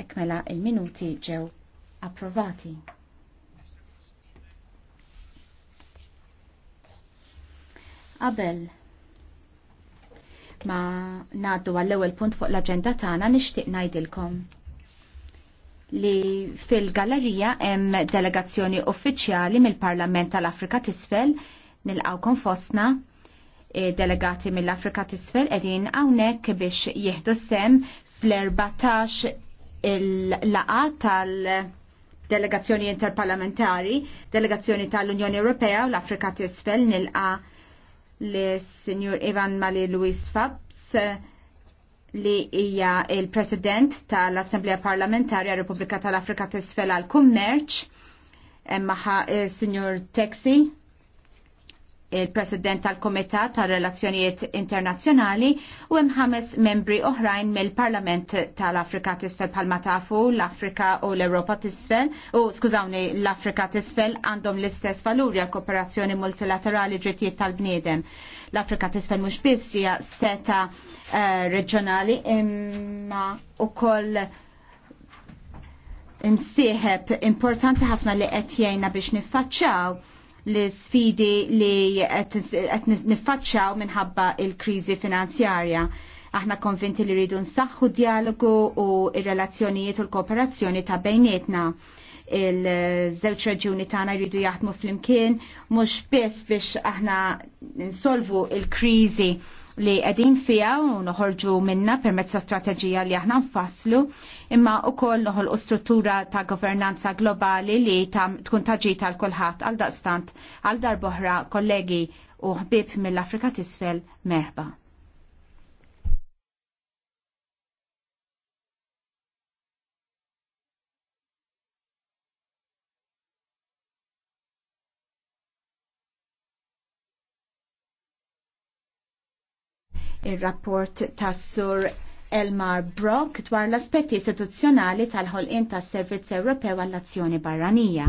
Ek mela il-minuti ġew approvati. Qabel ma naddu għall-ewwel punt fuq l-aġenda tagħna nixtieq ngħidilkom li fil-gallerija hemm delegazzjoni uffiċjali mill-Parlament tal-Afrika t'isfel nilqawkom fostna e, delegati mill-Afrika t'isfel qegħdin hawnhekk biex jieħdu sem fl-14 il-laqa tal-delegazzjoni interparlamentari, delegazzjoni tal-Unjoni Ewropea u l-Afrika t-isfel nilqa li signor Ivan Mali Luis Fabs li hija il-President tal-Assemblea Parlamentarja Repubblika tal-Afrika t-isfel għal-Kummerċ, maħa eh, signor Texi, il-President tal-Komitat tal-Relazzjonijiet Internazzjonali u hemm ħames membri oħrajn mill-Parlament tal-Afrika t'isfel bħalma tafu l-Afrika u l-Ewropa t'isfel u skużawni l-Afrika t'isfel għandhom l-istess valuri għal kooperazzjoni multilaterali drittijiet tal-bniedem. L-Afrika t'isfel mhux biss hija seta uh, reġjonali imma ukoll imsieħeb importanti ħafna li qed jgħinna biex niffaċċaw l-sfidi li qed niffaċċaw minħabba il-kriżi finanzjarja. Aħna konvinti li rridu nsaħħu dialogu u ir-relazzjonijiet u l-kooperazzjoni ta' bejnietna il-żewġ raġuni tagħna jridu jaħdmu flimkien mhux biss biex aħna nsolvu il-kriżi li qegħdin fiha u noħorġu minna permezz ta' strateġija li aħna nfasslu, imma wkoll noħolqu struttura ta' governanza globali li tkun taġi tal kulħadd għal daqstant għal darboħra kollegi u ħbib mill-Afrika t'isfel merħba. il-rapport tas sur Elmar Brock dwar l-aspetti istituzzjonali tal-ħolqien tas-Servizz Ewropew għall-Azzjoni Barranija.